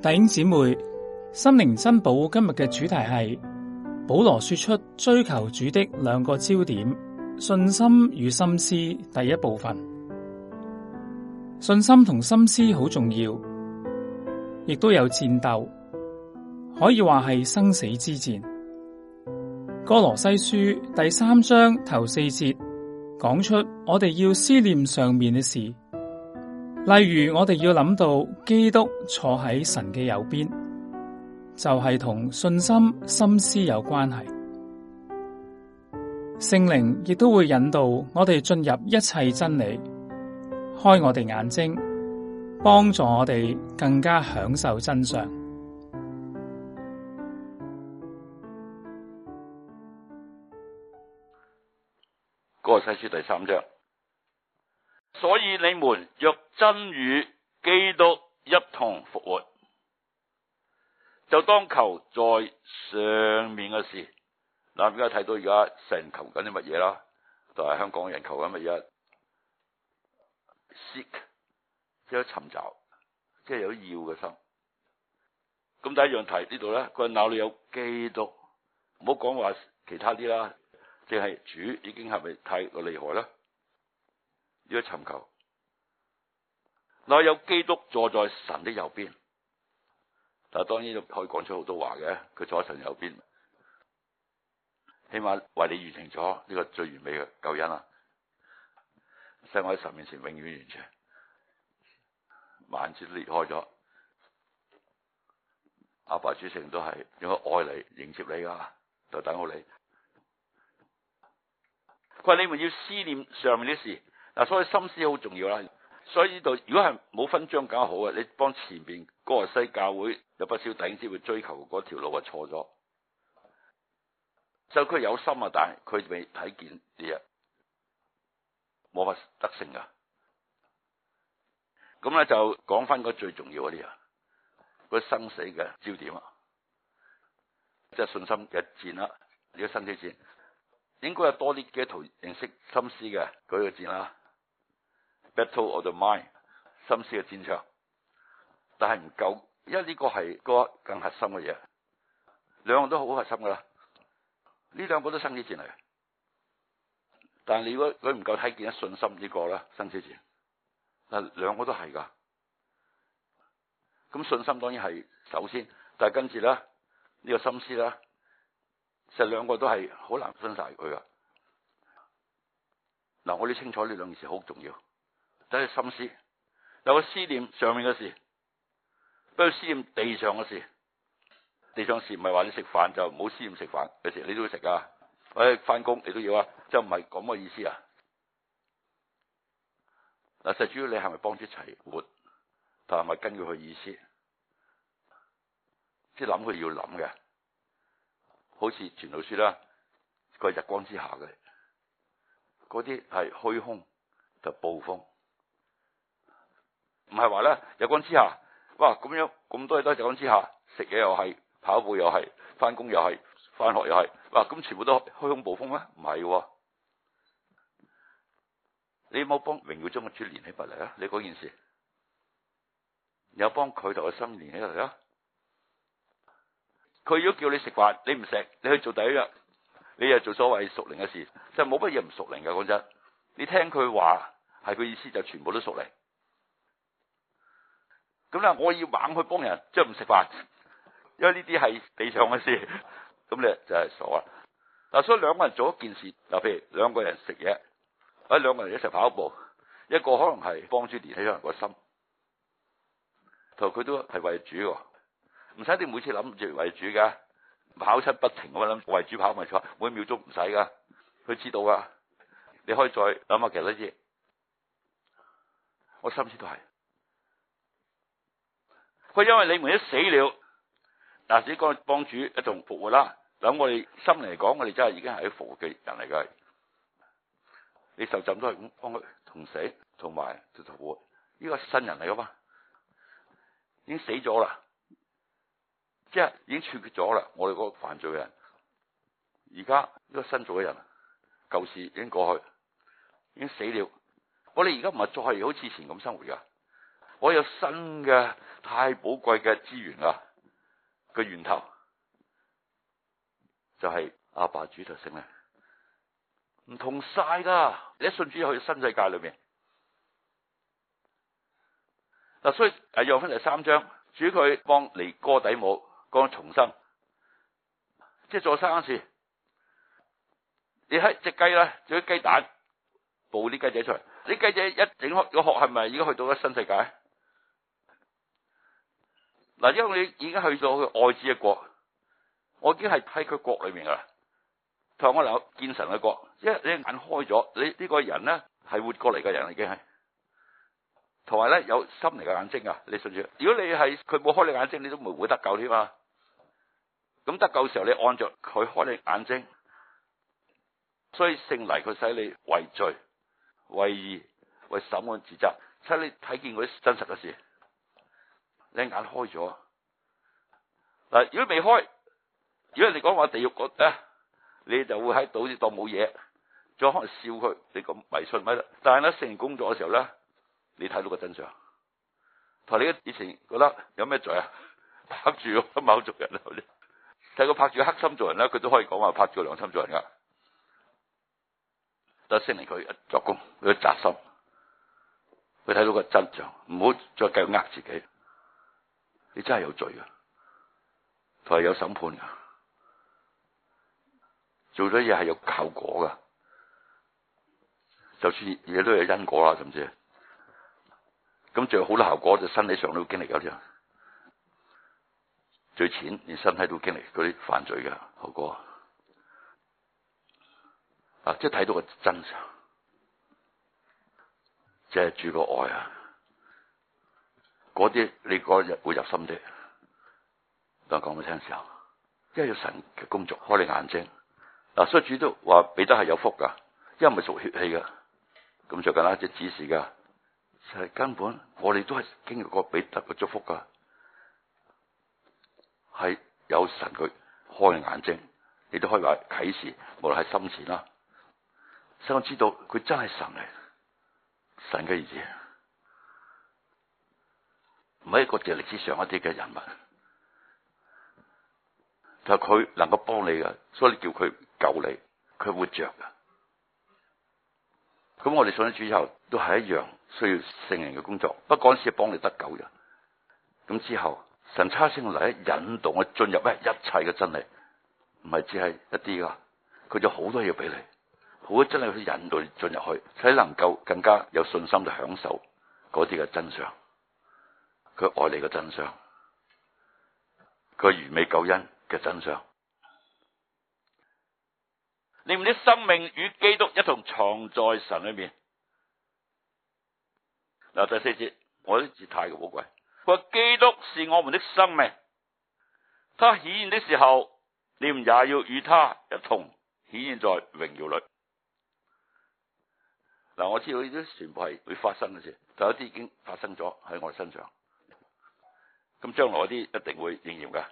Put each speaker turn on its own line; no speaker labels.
弟兄姊妹，心靈珍寶今日嘅主題係保羅說出追求主的兩個焦點：信心與心思。第一部分，信心同心思好重要，亦都有戰鬥，可以話係生死之戰。哥羅西書第三章頭四節講出，我哋要思念上面嘅事。例如，我哋要諗到基督坐喺神嘅右邊，就係、是、同信心心思有關係。聖靈亦都會引導我哋進入一切真理，開我哋眼睛，幫助我哋更加享受真相。歌羅西書第三章。所以你們若真與基督一同復活，就當求在上面嘅事。嗱，而家睇到而家成求緊啲乜嘢啦？就係香港人求緊乜嘢 seek 即係尋找，即係有要嘅心。咁第一樣題呢度咧，佢話那裡有基督？唔好講話其他啲啦，淨係主已經係咪太過厲害啦？這個尋求，那裡有基督坐在神的右邊，但當然可以講出好多話嘅。佢坐喺神右邊，起碼為你完成咗呢個最完美嘅救恩啦。希望喺神面前永遠完成，萬都裂開咗，阿爸主成都係用愛嚟迎接你噶，就等好你。佢話你們要思念上面啲事。所以心思好重要啦。所以呢度，如果係冇分章搞好嘅。你幫前邊、那個西教會有不少頂先會追求嗰條路啊，錯咗。就佢有心啊，但係佢未睇見啲呀，冇法得勝啊。咁咧就講翻個最重要嗰啲啊，那個生死嘅焦點啊，即、就、係、是、信心嘅戰啦。呢、這個生死戰應該有多啲幾套認識心思嘅舉個戰啦。Battle of the mind 心思嘅戰場，但係唔夠，因為呢個係嗰更核心嘅嘢。兩個都好核心噶啦，呢兩個都生死戰嚟嘅。但係你如果佢唔夠睇見一信心這個呢個咧，生死戰嗱，兩個都係噶。咁信心當然係首先，但係跟住咧呢，這個心思咧，其實兩個都係好難分晒佢噶。嗱，我哋清楚呢兩件事好重要。等佢心思有個思念上面嘅事，不過思念地上嘅事。地上事唔係話你食飯就唔好思念食飯，有時，你都要食噶。唉，翻工你都要啊，即係唔係咁嘅意思啊？嗱，神主，你係咪幫住齊活？但係咪根據佢意思？即係諗佢要諗嘅，好似傳道書啦，個日光之下嘅嗰啲係虛空就暴風。唔係話咧，日光之下，哇！咁樣咁多嘢都喺日光之下，食嘢又係，跑步又係，返工又係，返學又係，哇！咁全部都虛空暴風咩？唔係喎，你有冇幫榮耀將個主連起埋嚟啊？你嗰件事，你有，有幫佢同個心連起嚟啊？佢如果叫你食飯，你唔食，你去做第一日，你又做所謂屬靈嘅事，就冇乜嘢唔屬靈嘅講真。你聽佢話係佢意思，就全部都屬靈。咁啊我要猛去幫人，即係唔食飯，因為呢啲係地上嘅事，咁你就係傻啦。嗱，所以兩個人做一件事，嗱，譬如兩個人食嘢，啊兩個人一齊跑步，一個可能係幫住連起人個心，同佢都係為主，唔使你每次諗住為主嘅，跑出不停咁樣諗為主跑咪錯，每秒鐘唔使噶，佢知道噶，你可以再諗下其他嘢，我心思都係。因為你們一死了，嗱，死國幫主一同復活啦。咁我哋心嚟講，我哋真係已經係一個服侍嘅人嚟嘅。你受浸都係咁幫佢同死同埋就復活。呢個新人嚟噶嘛？已經死咗啦，即係已經處決咗啦。我哋嗰個犯罪嘅人，而家呢個新造嘅人，舊事已經過去，已經死了。我哋而家唔係再好似以前咁生活噶。我有新嘅太寶貴嘅資源啊！個源頭就係阿爸主頭性。啊，唔同晒噶。你一信主去新世界裏面。嗱，所以啊，約翰三章，主佢幫尼哥底母講重生，即係做生事。你喺隻雞咧，做啲雞蛋，抱啲雞仔出嚟，啲雞仔一整開個殼，係咪已經去到咗新世界？嗱，因為你已經去咗佢愛子嘅國，我已經係喺佢國裏面噶啦。同我諗見神嘅國，因為你眼開咗，你呢個人咧係活過嚟嘅人已經係，同埋咧有心嚟嘅眼睛啊！你信住，如果你係佢冇開你的眼睛，你都唔會得救添啊！咁得救嘅時候，你按着佢開你的眼睛，所以聖靈佢使你為罪、為義、為審判、自責，使你睇見嗰啲真實嘅事。你眼開咗嗱？但如果未開，如果你講話地獄國咧，你就會喺度當冇嘢，再可能笑佢。你咁迷信咪？但係咧，聖靈工作嘅時候咧，你睇到個真相。同你以前覺得有咩罪啊？拍住黑心做人睇佢拍住黑心做人咧，佢都可以講話拍住良心做人噶。但係聖靈佢作工，佢都扎心，佢睇到個真相，唔好再繼續呃自己。你真係有罪㗎，同係有審判㗎。做咗嘢係有效果噶，就算嘢都係因果啦，甚至咁最好嘅效果就身體上都會經歷嗰啲，最淺你身體都經歷嗰啲犯罪嘅效果啊，即係睇到個真相，即係主嘅愛。啊！嗰啲你嗰日會入心啲，當我講嗰聲時候，因為有神嘅工作開你眼睛，嗱，所以主都話彼得係有福噶，因為唔係屬血氣噶，咁最緊啦只指示噶，就係、是、根本我哋都係經歷過彼得嘅祝福噶，係有神佢開你眼睛，你都可以話啟示，無論係深淺啦，使我知道佢真係神嚟，神嘅意思。唔係一個淨係歷史上一啲嘅人物，就係、是、佢能夠幫你嘅，所以你叫佢救你，佢活着嘅。咁我哋上咗主之後，都係一樣需要聖靈嘅工作。不光止係幫你得救嘅，咁之後神差聖靈嚟引導我進入一一切嘅真理，唔係只係一啲噶，佢有好多嘢俾你，好多真理去引導你進入去，使能夠更加有信心地享受嗰啲嘅真相。佢愛你嘅真相，佢完美救恩嘅真相。你們的生命與基督一同藏在神裏面。嗱，第四節，我啲字太過寶貴，佢話基督是我們的生命，他顯現的時候，你們也要與他一同顯現在榮耀裏。嗱，我知道呢啲全部係會發生嘅事，就有啲已經發生咗喺我身上。咁將來嗰啲一定會應驗㗎。